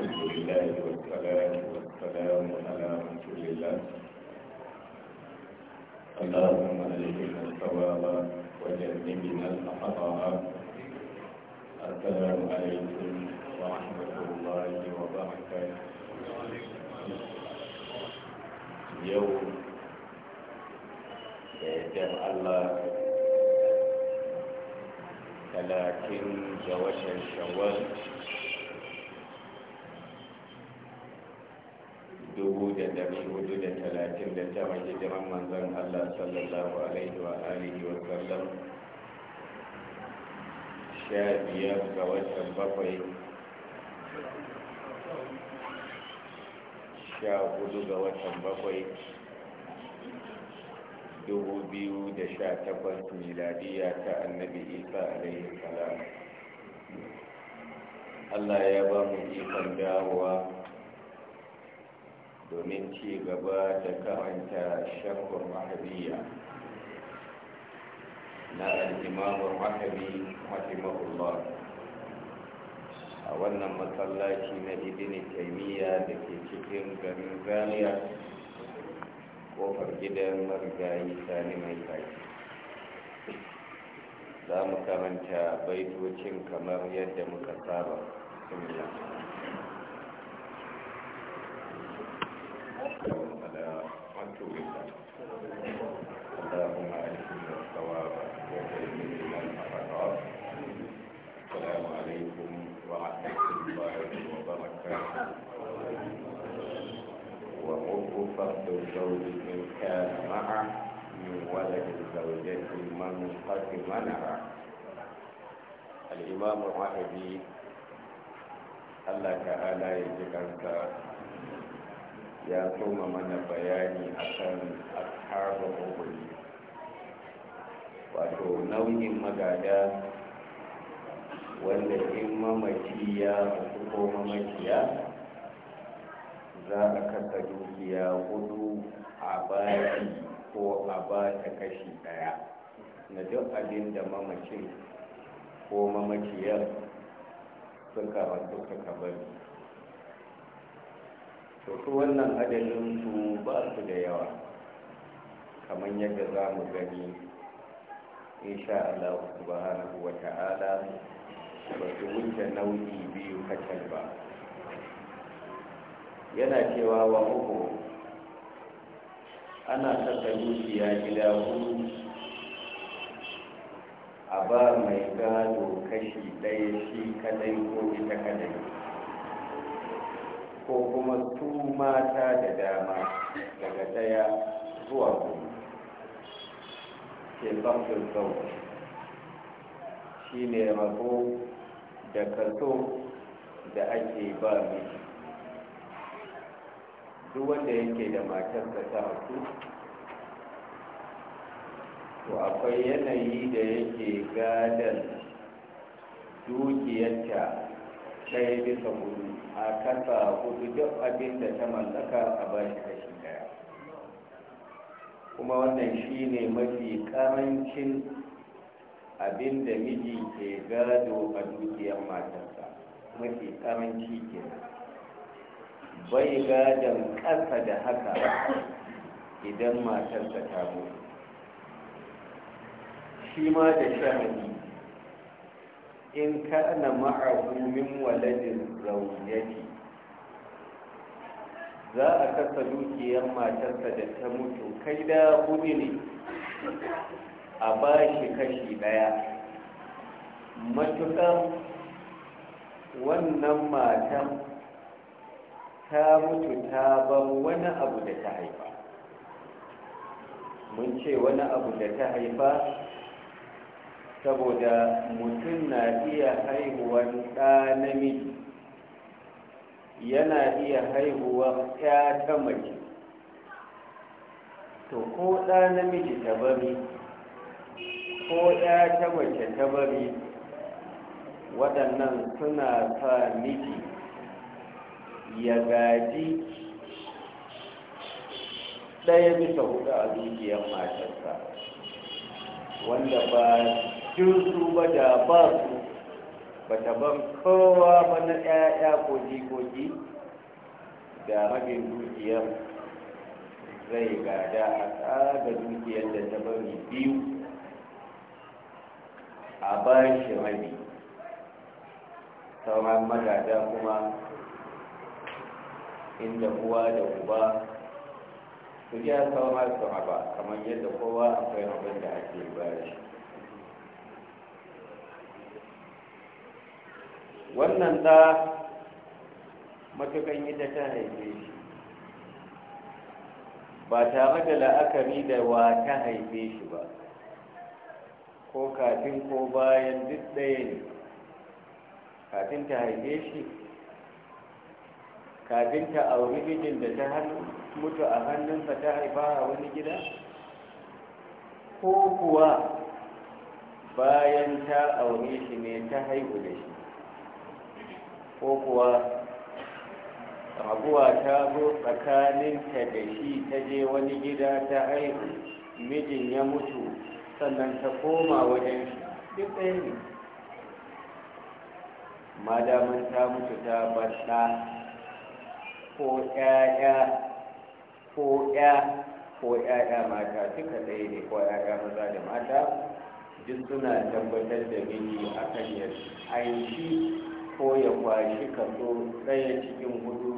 الحمد لله والسلام والسلام على رسول الله اللهم ألهمنا الثواب وجنبنا الأخطاء السلام عليكم ورحمة الله وبركاته يوم يهدم الله ثلاثين جوش الشوال dubu da dari hudu da talatin da ta tara jiran manzan Allah sallallahu alaihi wa alihi wa sallam sha biyar ga watan bakwai sha hudu ga watan bakwai dubu biyu da sha takwas miladiya ta annabi isa alaihi salam Allah ya ba mu ikon dawowa domin ci gaba da karanta shakkur mahabiya na al'imamun mahabi rahimahullah a wannan matsalaci na idini taimiyya da ke cikin garin zaliya kofar gidan marigayi sani mai kaki za mu karanta baitocin kamar yadda muka saba sun السلام عليكم ورحمة الله وبركاته وحب فرد الزوج من كان معه من ولد الزوجة من قد منعه الإمام الرحبي الله تعالى يجزاك ya soma mana bayani akan ashabar hukuli wato nau'in magada wanda in mamaci ya ko mamaciya za a kasa dukiya hudu a baki ko a ba ta kashi daya na duk abin da mamacin ko mamaciyar suka rasu suka bari to su wannan adadin su ba su da yawa kamar yadda za mu gani insha Allah subhanahu wa ta'ala ba su wuce nau'i biyu kacal ba yana cewa wa uku ana saka dukiya gida hudu a ba mai gado kashi ɗaya shi kadai ko ita kadai ko kuma su mata da dama daga daya zuwa kuma ke samfin shi ne rabo da kaso da ake ba mai. duk wanda yake da matarsa ta rasu to akwai yanayi da yake gadon dukiyarta ɗaya bisa gudu a kasa hudu duk abin da ta mallaka a bashi kashi daya kuma wannan shi ne mafi karancin abin da miji ke gado a dukiyar matarsa mafi karanci kenan bai gadon ƙasa da haka idan matarsa ta mutu shi ma da shahadi in kana ma'ahu min waladin zaujati za a kasa dukiyar matarsa da ta mutu kai da hudu ne a ba shi kashi daya matuƙar wannan matan ta mutu ta wani abu da ta haifa mun ce wani abu da ta haifa saboda mutum na iya haihuwar ɗa namiji yana iya haihuwar ɗaya ta mace to ko ɗa namiji ta bari ko ta mace ta bari waɗannan suna sa miji ya gaji ɗaya bisa hudu a zuciyar matarsa wanda ba cikin su ba da ba su ba ta ban kowa ba na ƴaƴa ko jikoki da rabin dukiyar zai gada a tsaga dukiyar da ta bari biyu a ba shi rabi sauran magada kuma inda uwa da uba su ya sauran su haba kamar yadda kowa akwai abin da ake bayar shi wannan ta matukan yi ta haife shi ba tare da la'akari da wa ta haife shi ba ko kafin ko bayan duk ɗaya ne kafin ta haife shi kafin ta auri mijin da ta mutu a hannunsa ta haifa a wani gida ko kuwa bayan ta aure shi ne ta haihu da shi ko kuwa raguwa ta zo tsakaninta da shi ta je wani gida ta aiki mijin ya mutu sannan ta koma wajen shi duk ɗaya ne madamin ta mutu ta bada ko ƴaƴa ko ƴa ko ƴaƴa mata duka ɗaya ne ko ƴaƴa maza da mata duk suna tabbatar da miji akan ya aishi ko ya kwashi kaso ɗaya cikin hudu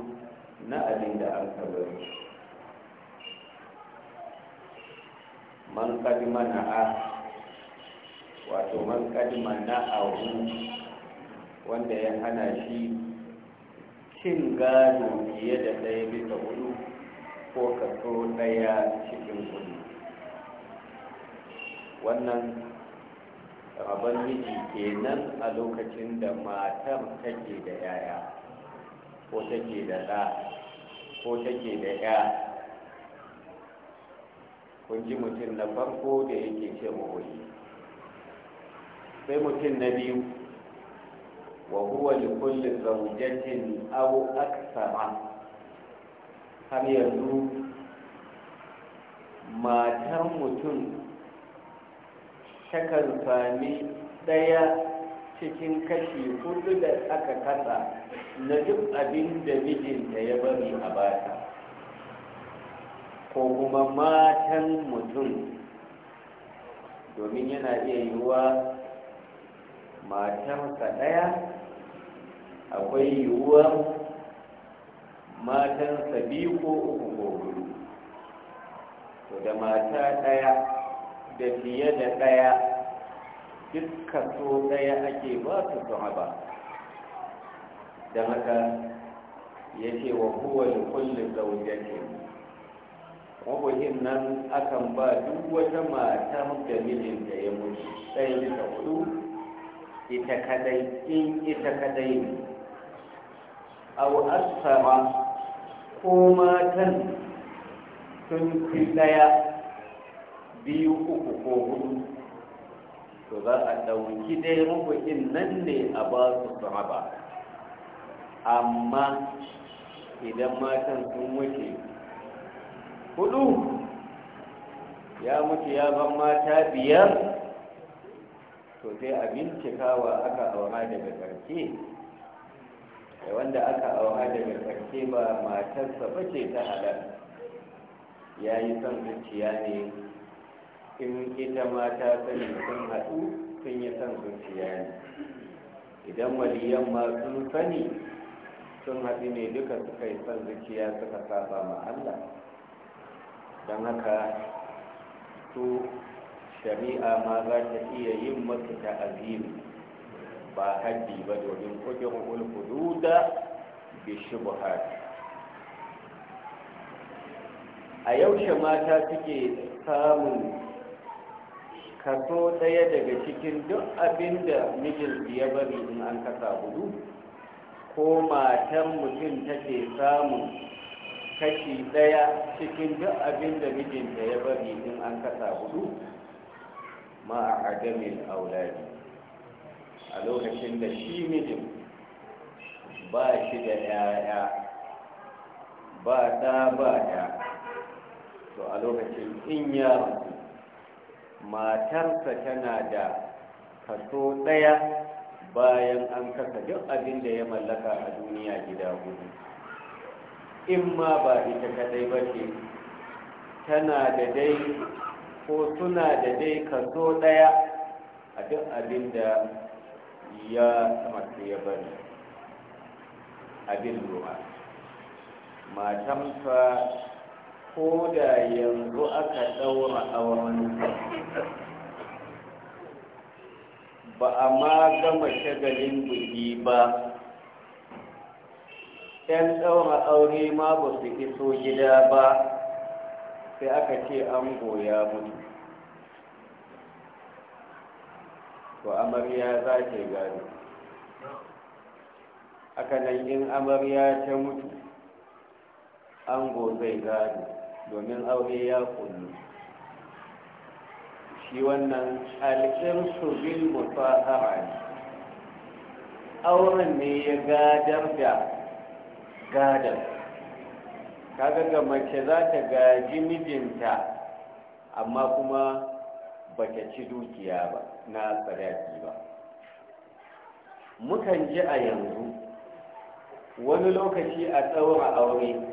na abin da an kabari man kadi mana a wato man kadi mana a wanda ya hana shi cin gado fiye da ɗaya bisa hudu ko kaso ɗaya cikin hudu wannan rabon miji kenan a lokacin da matar take da yaya ko take da da ko take da ya kunji mutum na farko da yake ce mawai sai mutum na biyu wa huwa li kulli zawjatin aw aksara har yanzu matar mutum takan sami ɗaya cikin kashi hudu da aka kasa na duk abin da mijinta ya bari a bata ko kuma matan mutum domin yana iya yiwuwa matarsa ɗaya akwai yiwuwar matansa biyu ko uku ko hudu da mata ɗaya da fiye da ɗaya duka so ɗaya ake ba su ba. don haka ya ce wa kowane kullum zaujatin mabuhin nan akan ba duk wata mata da da ya mutu ɗaya da hudu ita kadai in ita kadai ne au ko matan sun fi ɗaya biyu uku ko hudu to za a ɗauki dai rubu'in nan ne a ba su sahaba amma idan matan sun wuce hudu ya mutu ya ban mata biyar to sai a bincikawa aka aura daga ƙarshe da wanda aka aura daga ƙarshe ba matarsa ba ce ta halar ya yi son zuciya ne in ita mata sun sani sun haɗu sun yi son zuciya ne idan waliyan ma sun sani sun haɗu ne duka suka yi son zuciya suka saba ma Allah don haka su shari'a ma za ta iya yin masu ta'azimi ba haddi ba domin kudin ulhududa bi shubuhat a yaushe mata suke samun kaso ɗaya daga cikin duk abin da mijinsu ya bari in an kasa hudu ko matan mutum take samu kashi ɗaya cikin duk abin da mijinta ya bari in an kasa hudu ma a adamin auladi a lokacin da shi mijin ba shi da 'ya'ya ba ɗa ba ɗa to a lokacin in yaro matarsa tana da kaso ɗaya bayan an kasa duk abin da ya mallaka a duniya gida gudu. in ma ba ita kadai ba ce tana da dai ko suna da dai kaso ɗaya a duk abin da ya samarci ya bari abin ruwa matamsa ko da yanzu aka ɗaura wani ba a ma gama shagalin buki ba ‘yan ɗaura aure ma ba su iso gida ba sai aka ce an goya mutu to amarya za ta gani haka nan in amarya ta mutu ango zai gado domin aure ya kullu shi wannan alƙirsu bil mutahara ne auren ne ya gadar da gadar kaga ga mace za ta gaji mijinta amma kuma ba ta ci dukiya ba na sadaki ba mukan ji a yanzu wani lokaci a tsaura aure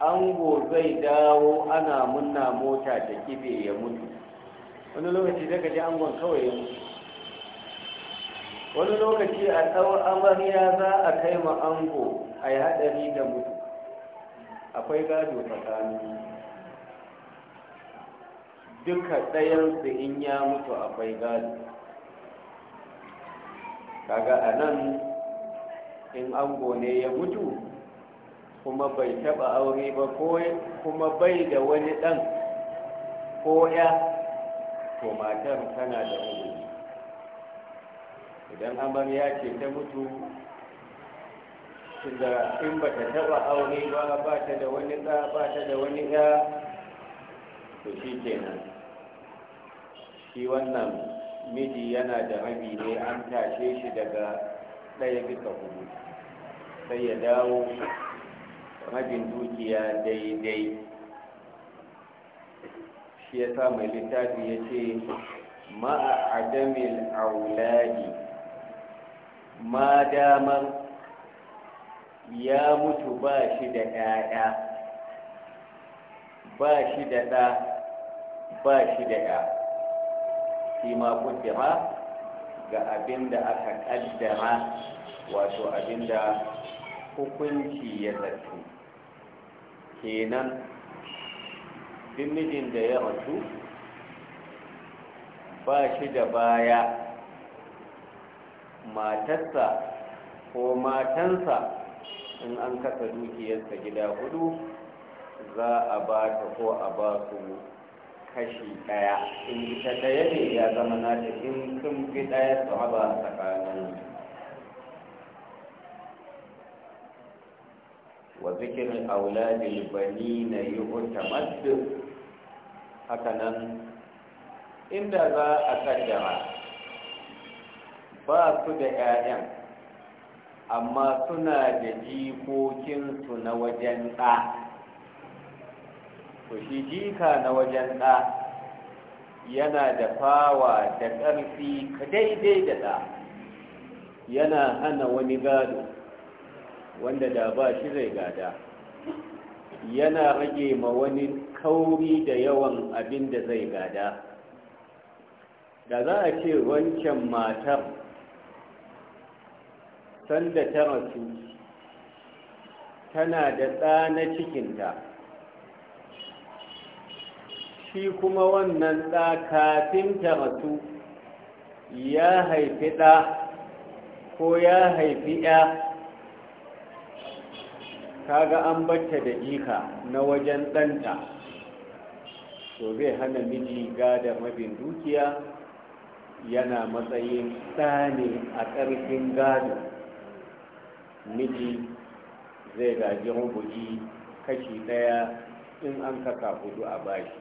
ango zai dawo ana munna mota ta kibe ya mutu wani lokaci daga ji angon kawai ya mutu wani lokaci a tsawon amarya za a kai ma ango a yi haɗari da mutu akwai gado tsakani duka ɗayansu in ya mutu akwai gado kaga a nan in ango ne ya mutu kuma bai taba aure ba kuma bai da wani ɗan ko ya to matar tana da umuni idan amarya ce ta mutu da in ba ta taba aure ba ba ta da wani da ba ta da wani ya to shi kenan shi wannan miji yana da rabi ne an tashe shi daga ɗaya bisa hudu sai ya dawo rabin dukiya daidai shi ya sa mai littafi ya ce ma'a adamil auladi ma damar ya mutu ba shi da ɗaya ba shi da ɗa ba shi da ɗa shi ma kudura ga abin da aka ƙaddara wato abin da hukunci ya zartu kenan duk da ya rasu ba shi da baya matarsa ko matansa in an kasa dukiyarsa gida hudu za a ba ta ko a ba su kashi daya in ita daya ne ya zama na in sun fi daya su haba tsakanin wa zikirin auladil bani na yi hutamaddu haka nan inda za a kaddara ba su da 'ya'yan amma suna da jikokinsu na wajen ɗa ku shi jika na wajen ɗa yana da fawa da ƙarfi daidai da ɗa yana hana wani gado wanda da ba shi zai gada yana rage ma wani kauri da yawan abin da zai gada da za a ce wancan matar sanda ta rasu tana da tsana cikinta shi kuma wannan ɗa kafin ta rasu ya haifi ɗa ko ya haifi ya kaga an bacce da jika na wajen ɗanta to zai hana miji gada mabin dukiya yana matsayin tsane a ƙarfin gado miji zai gaji rubuji kashi ɗaya in an kaka hudu a bashi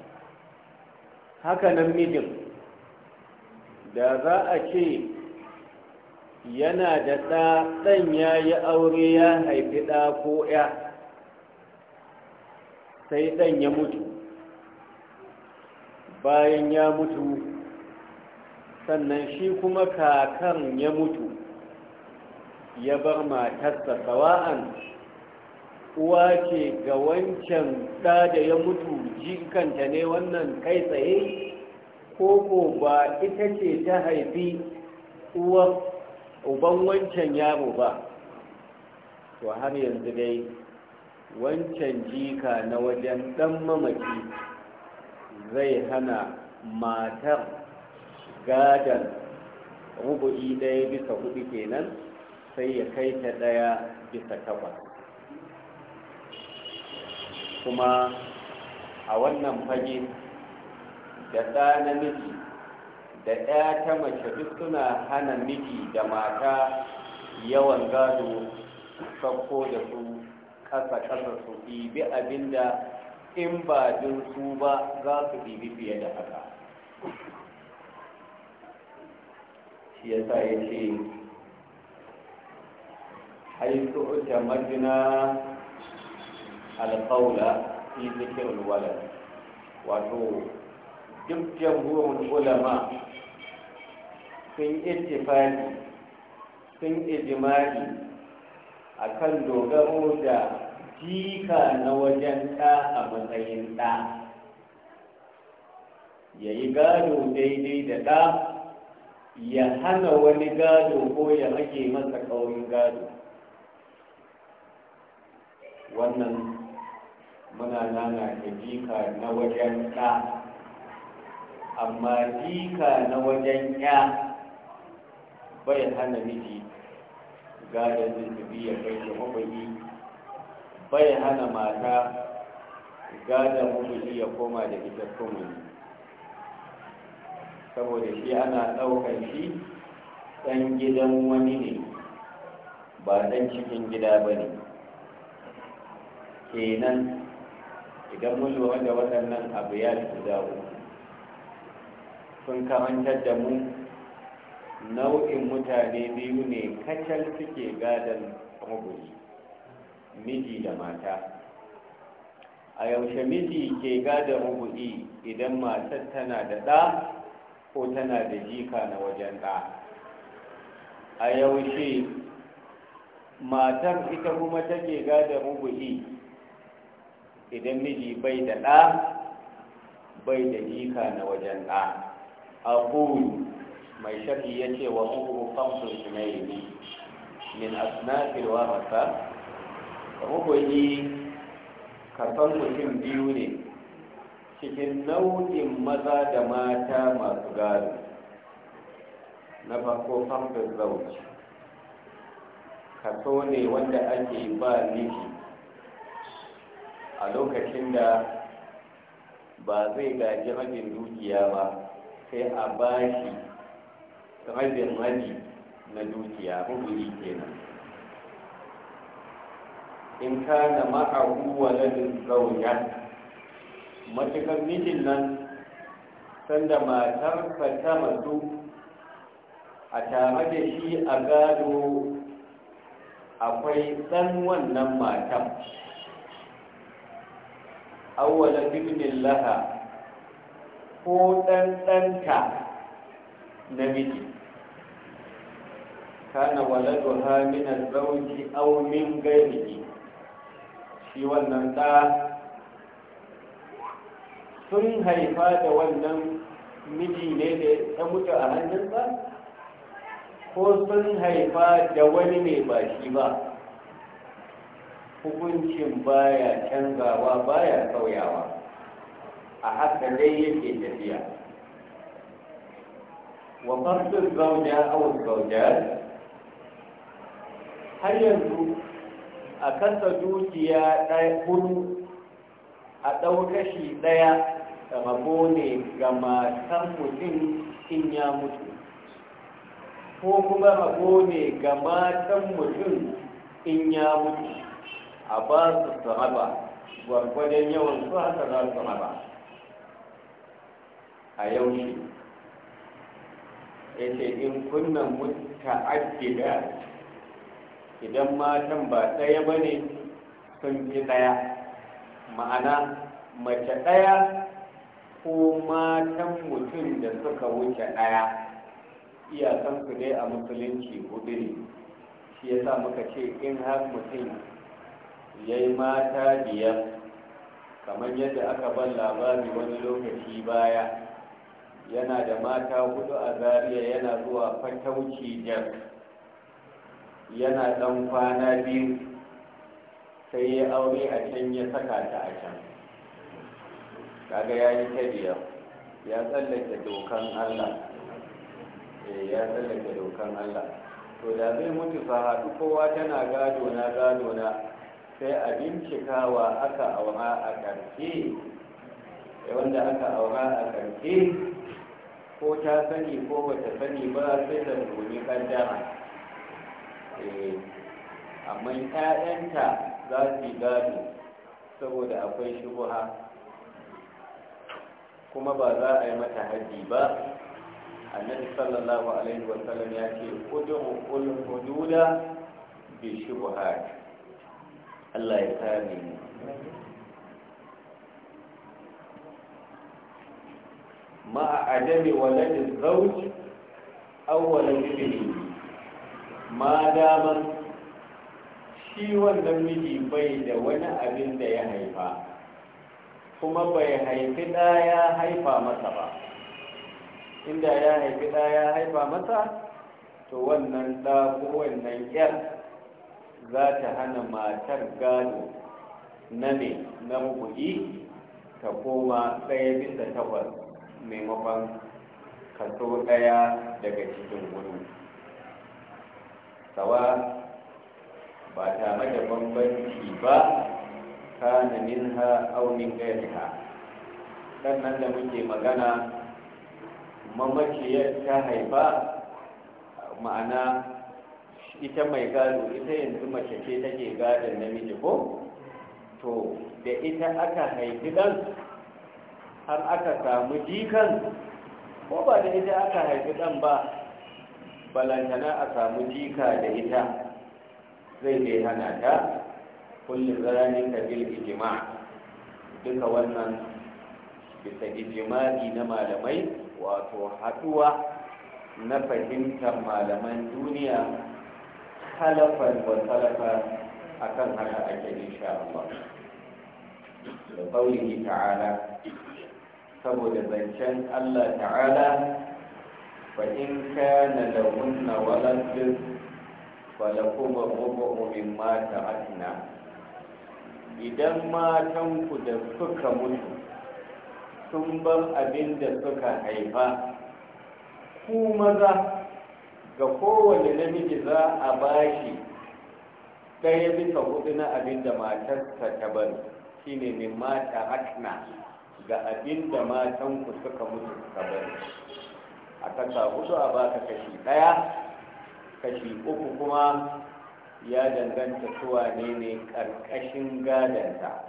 hakanan mijin da za a ce yana da ɗa ɗan ya yi aure ya haifi ɗa ko ya sai ɗan ya mutu bayan ya mutu sannan shi kuma kakan ya mutu ya bar matarsa sawa'an uwa ce ga wancan ɗa da ya mutu jikanta ne wannan kai tsaye ko ko ba ita ce ta haifi uwa uban wancan yaro ba to har yanzu dai wancan jika na wajen dan mamaki zai hana matar gadan rubu'i ɗaya bisa hudu kenan sai ya kai ta ɗaya bisa takwas kuma a wannan fage da ɗa namiji da ɗaya ta mace duk suna hana miji da mata yawan gado sakko da su ƙasa-ƙasa su ɗibi abinda in ba jin su ba za su ɗibi fiye da haka shi ya sa ya ce haitu ta majina alƙaula fi zikirin wato duk jamhurin ulama sun ittifaki sun ijimari a kan dogaro da jika na wajen ɗa a matsayin ɗa ya yi gado daidai da ɗa ya hana wani gado ko ya ake masa ƙaurin gado wannan muna nana da jika na wajen ɗa amma jika na wajen ya bai hana miji gadon zunubi ya kai shi mabayi bai hana mata gadon mabayi ya koma da ita kumuni saboda shi ana ɗaukar shi ɗan gidan wani ne ba ɗan cikin gida ba ne kenan idan mun lura da waɗannan abu ya sun karantar da mu nau'in mutane biyu ne kacal suke gadon maguri miji da mata a yaushe miji ke gada rubu'i idan matar tana da ɗa ko tana da jika na wajen ɗa a yaushe matar ita kuma take gada rubu'i idan miji bai da ɗa bai da jika na wajen ɗa a kuru mai sharhi ya ce wa muhu kamsun shumayi min asnafil wa masa Ka muhuni kasan mutum biyu ne cikin nau'in maza da mata masu gado na farko kamsun zauci kaso ne wanda ake ba niki a lokacin da ba zai gaji rabin dukiya ba sai a bashi rabin rabi na dukiya rubuli kenan in ka kana ma'ahu waladin zauya matukar mijin nan sanda matarsa ta masu a tare da shi a gado akwai ɗan wannan matan awwala bibnin laha ko ɗanɗanta namiji kana waladuha min al-zawji aw min ghayrihi shi wannan da sun haifa da wannan miji ne da ta mutu a hannunsa ko sun haifa da wani ne ba shi ba hukuncin baya canzawa baya sauyawa a haka dai yake tafiya wa fardu a aw zaujat har yanzu a kasa dukiya ɗaya hudu a ɗau shi ɗaya rabo ne ga matan mutum in ya mutu ko kuma rabo ne ga matan mutum in ya mutu a ba su saraba gwargwadon yawan su haka za su raba a yaushe ya ce in kunna mutu ta'addida idan matan ba ɗaya ba ne sun fi ɗaya ma'ana mace ɗaya ko matan mutum da suka wuce ɗaya iyakansu dai a musulunci hudu ne shi ya sa muka ce in har mutum ya yi mata biyar kamar yadda aka ban labari wani lokaci baya yana da mata hudu a zariya yana zuwa fatauci jar yana ɗan kwana biyu sai ya aure a can ya saka ta a can kaga ya yi ta biyar ya tsallake dokan allah eh, ya tsallake dokan allah to da zai mutu haɗu kowa tana gado na gado na sai a bincikawa aka aura a ƙarfe eh, wanda aka aura a ƙarfe ko ta sani ko bata sani ba sai da rumi ƙaddara Eh, amma ƴaƴanta za su gado saboda akwai shubuha kuma ba za a yi mata haji ba annabi sallallahu alaihi wasallam ya ce ud'u ul hududa bi shubuha Allah ya kare ni. ma adami walad zawj awwal walad ibni ma damar shi wannan miji bai da wani abin da ya haifa kuma bai haifi ɗa ya haifa masa ba inda ya haifi ɗa ya haifa masa to wannan ɗa ko wannan yar za ta hana matar gano na ne na kuɗi ta koma ɗaya bisa takwas maimakon kaso ɗaya daga cikin wurin sawa ba tare da bambanci ba kana minha aunin min ghayriha sannan da muke magana mamaciyar ta haifa ma'ana ita mai gado ita yanzu mace ce take gadon namiji ko to da ita aka haifi dan har aka samu jikan ko ba da ita aka haifi dan ba balantana a samu jika da ita zai dai hana ta kullum zarani ta bil ijima duka wannan bisa ijima'i na malamai wato haɗuwa na fahimtar malaman duniya halafan wa a akan haka ake insha Allah da ta'ala saboda zancen Allah ta'ala فإن كان لهن ولد فلكم الربع مما تركنا idan matanku da suka mutu sun bar abin da suka haifa ku maza ga kowane namiji za a bashi ɗaya bisa hudu na abin da matarsa ta bari shine ne mata hakna ga abin da matanku suka mutu suka bari a kasa hudu a baka kashi ɗaya kashi uku kuma ya danganta suwa ne ne ƙarƙashin gadanta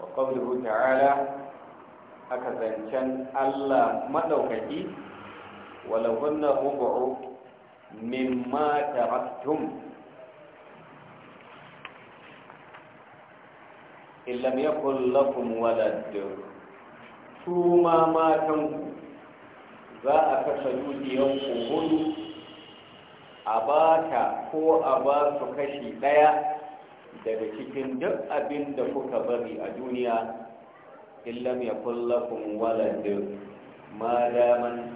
wa ƙaunuhu ta'ala aka zancen allah maɗaukaki walahunna ubu'u mimma taraktum illam yakul lakum walad su ma matanku za a kasa dukiyan ku hudu a ta, ko a ba su kashi ɗaya daga cikin duk abin da kuka bari a duniya illam ya kullakun waladin ma daman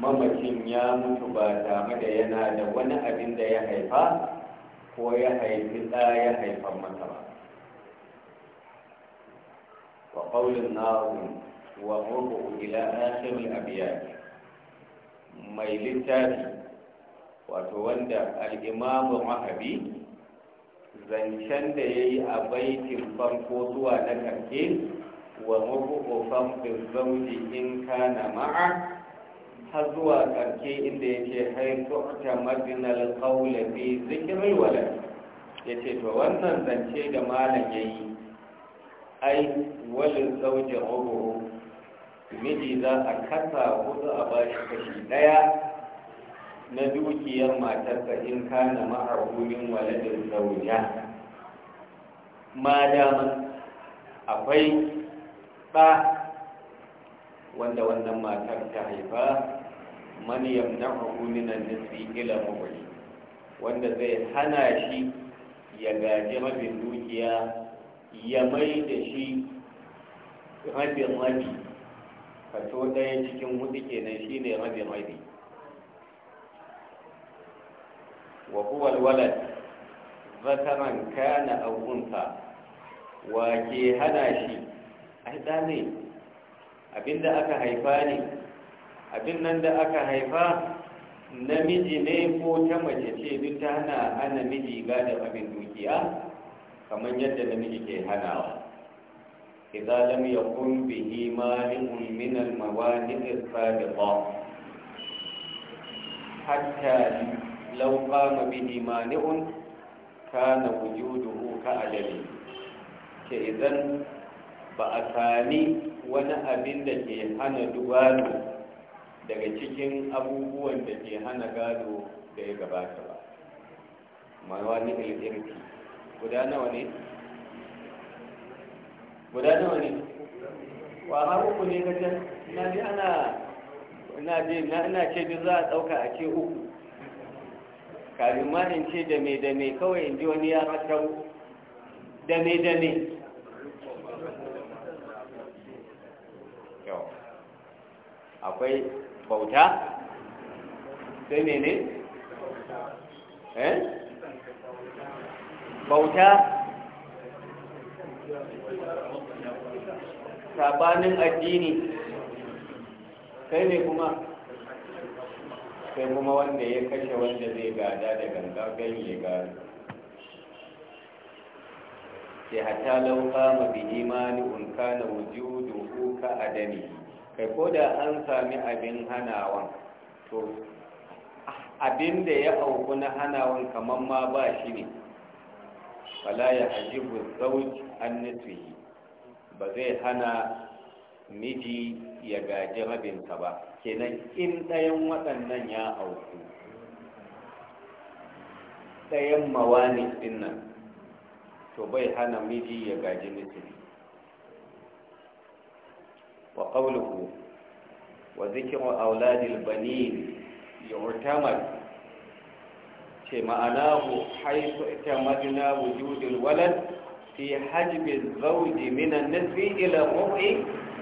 mamacin ya mutu ba dama da yana da wani abin da ya haifa ko ya haifi da ya haifan mata ba wa ƙaunin na'urin وربع إلى آخر الأبيات mai littafi wato wanda al'imamu rahabi zancen da ya yi a baitin farko zuwa na karke wa fam famfin zauji in kana ma'a har zuwa karke inda ya ce haitu ta madinal kaula fi zikirin wala ya ce to wannan zance da malam ya yi ai walin zauji rubu miji za a kasa hudu a bashi kashi daya na dukiyar matarsa in kana ma'arhumin waladin ma madama akwai ba wanda wannan matar ta haifa man yamna'uhu min an-nisbi ila mawali wanda zai hana shi ya gaji mafi dukiya ya mai da shi rabin rabi fato ɗaya cikin hudu kenan shine rabin rabi wa huwa alwalad zakaran kana aw unsa wa ke hana shi ai da ne abinda aka haifa ne abin nan da aka haifa namiji ne ko ta mace ce duk ta hana namiji, miji gadon abin dukiya kamar yadda namiji ke hanawa إذا لم يقم به مانع من الموانع السابقة حتى لو قام به مانع كان وجوده كأجله كإذن بأثاني وانا أبن لكي أنا دوالو daga cikin abubuwan da ke hana gado da ya gabata ba mawani ilirki guda ne guda nawa ne wa ma uku ne ka can na ji ana na ji na ina ce duk za a ɗauka a ce uku kafin ma in ce da me da me kawai in ji wani ya rasau da me da me akwai bauta sai ne? eh? bauta sabanin addini kai ne kuma sai kuma wanda ya kashe wanda zai gada da ganga ganye gada sai hata lauka mabi imani unka na wujudu ka adami kai ko da an sami abin hanawan to abin da ya auku na hanawan kamar ma ba shi ne fala ya hajjibu zauj an nutuhi ba zai hana miji ya gaji rabinsa ba kenan in ɗayan waɗannan ya auku ɗayan mawani ɗin nan to bai hana miji ya gaji misali wa ƙaunuku wa wa auladil bani ya hurtamar ce ma'ana haifu ita majina wujudin walad في حجب الزوج من النصف إلى الربع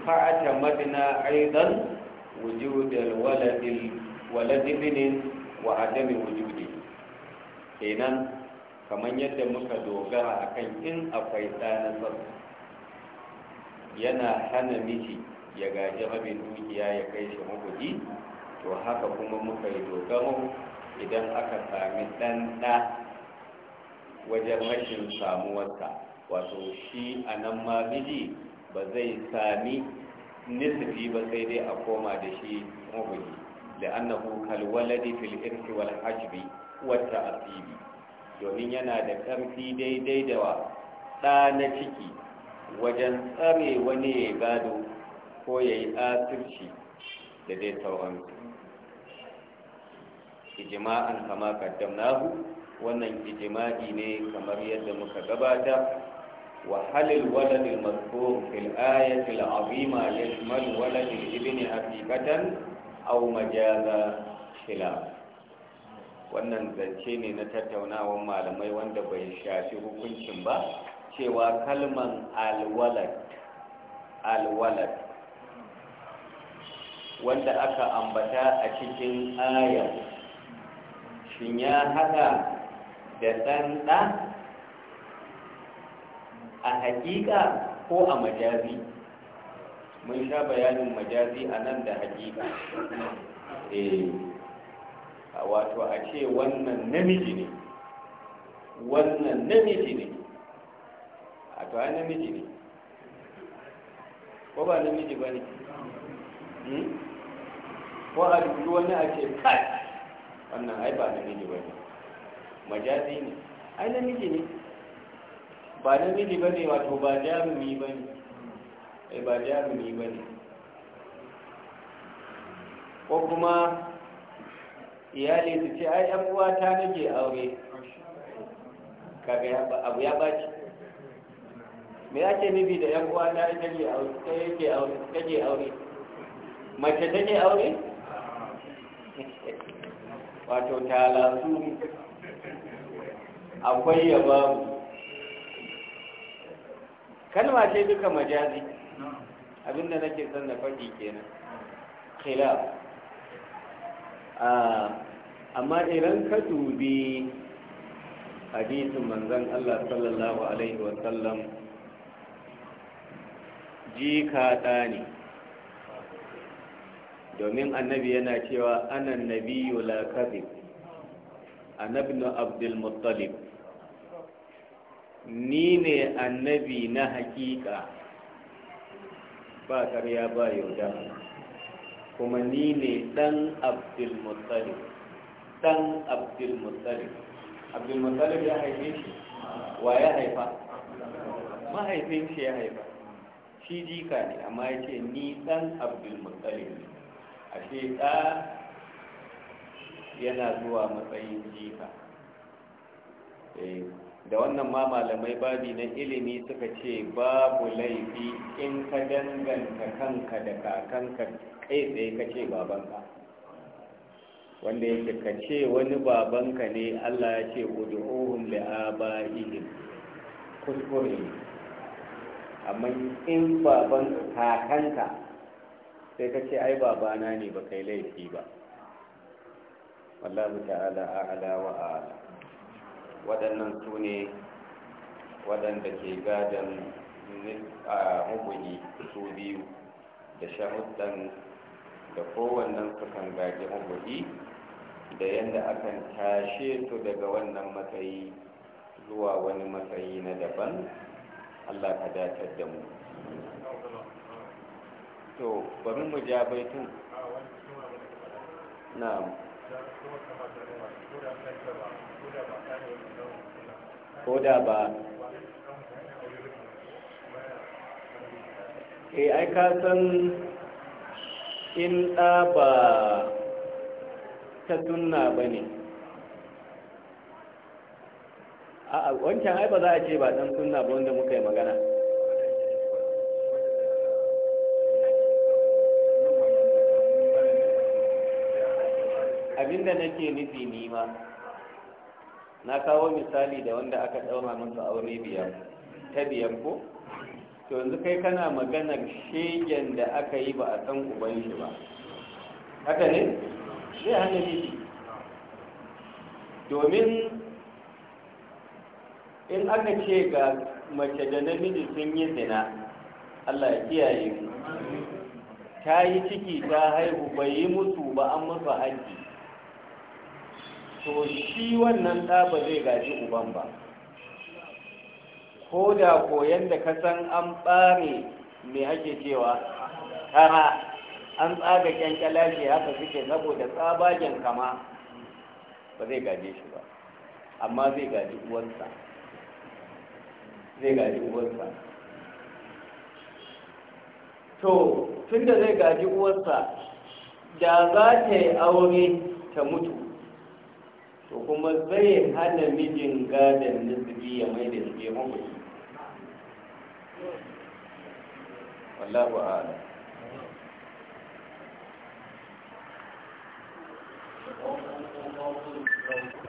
فاعتمدنا أيضا وجود الولد الولد ابن وعدم وجوده kenan kamar yadda muka dogara akan in akwai ɗanar yana hana miki ya gaji rabin dukiya ya kai shi maguji to haka kuma muka yi dogaro idan aka sami ɗan ɗa wajen rashin samuwarsa wato shi a nan ma miji ba zai sami nisfi ba sai dai a koma da shi mabuli la'annahu kalwaladi fil wal hajbi wata asibi domin yana da ƙarfi daidai da wa ɗa na ciki wajen tsare wani ya gado ko ya yi asirci da dai sauransu ijima'an kama kaddam nahu wannan ijima'i ne kamar yadda muka gabata وهل الولد المذكور في الآية العظيمة يشمل ولد الابن حقيقة أو مجازا خلاف wannan zance ne na tattaunawar malamai wanda bai shafi hukuncin ba cewa kalman alwalad wanda aka ambata a cikin ayar shin ya haɗa da ɗan ɗan a hakika ko a majazi mun sha bayanin majazi a nan da hakika eh wato a ce wannan namiji ne wannan namiji ne a to a namiji ne ko ba namiji ba ne hmm? ko a dubu wani a ce kai wannan ai ba namiji ba ne majazi ne ai namiji ne ba namiji ba ne wato ba jarumi ba ne eh, ba jarumi ba ne ko kuma iyali su ce ai yan kuwa ta nake aure kaga abu ya baci me ake nufi da yan uwa ta nake aure ta yake aure take aure mace aure wato lasu akwai ya babu kalma ce duka majazi abinda nake son na faɗi kenan khilaf amma idan ka dubi hadisin manzon Allah sallallahu alaihi wa sallam jika ne domin annabi yana cewa anan nabiyyu la kadhib anabnu abdul muttalib ni ne annabi na hakika ba karya ba yauda kuma ni ne ɗan abdulmuttalib ɗan abdulmuttalib abdulmuttalib ya haife shi wa ya haifa mahaifin shi ya haifa shi jika ne amma ya ce ni ɗan abdulmuttalib ne ashe ɗa yana zuwa matsayin jika eh. da wannan ma malamai babi na ilimi suka ce babu laifi in ka danganta kanka da kakanka kai tsaye ka ce babanka wanda yake ka ce wani babanka ne allah ya ce da a ba abaihim kuskure amma in baban kakanka sai ka ce ai babana ne ba kai laifi ba wallahu ta'ala a'ala wa a'ala waɗannan su ne waɗanda ke gadon muguni su biyu da sharuɗan da kowannan sukan gaji muguni da yadda akan tashe su daga wannan matsayi zuwa wani matsayi na daban allah ka datar da mu to bari mu ja baitun na ko da ba e ai ka san in ɗa ba ta tunna ba ne a wancan ai ba za a ce ba dan tunna ba wanda muka yi magana abin da nake nufi ni ma na kawo misali da wanda aka daura musu aure biyar ta biyar ko to yanzu kai kana maganar shegen da aka yi ba a san uban shi ba haka ne zai hana miji domin in aka ce ga mace da namiji sun yi zina Allah ya kiyaye ta yi ciki ta haihu bai yi mutu ba an masa hajji to shi wannan ɗa ba zai gaji uban ba ko da koyan da ka san an ɓare mai ake cewa kara an tsaga kyankyala ce haka suke saboda tsabagen kama ba zai gaje shi ba amma zai gaji uwansa zai gaji uwansa to tunda zai gaji uwansa da za ta yi aure ta mutu to kuma zai hana mijin gadon nisbi ya mai da shi hukunci wallahu ala?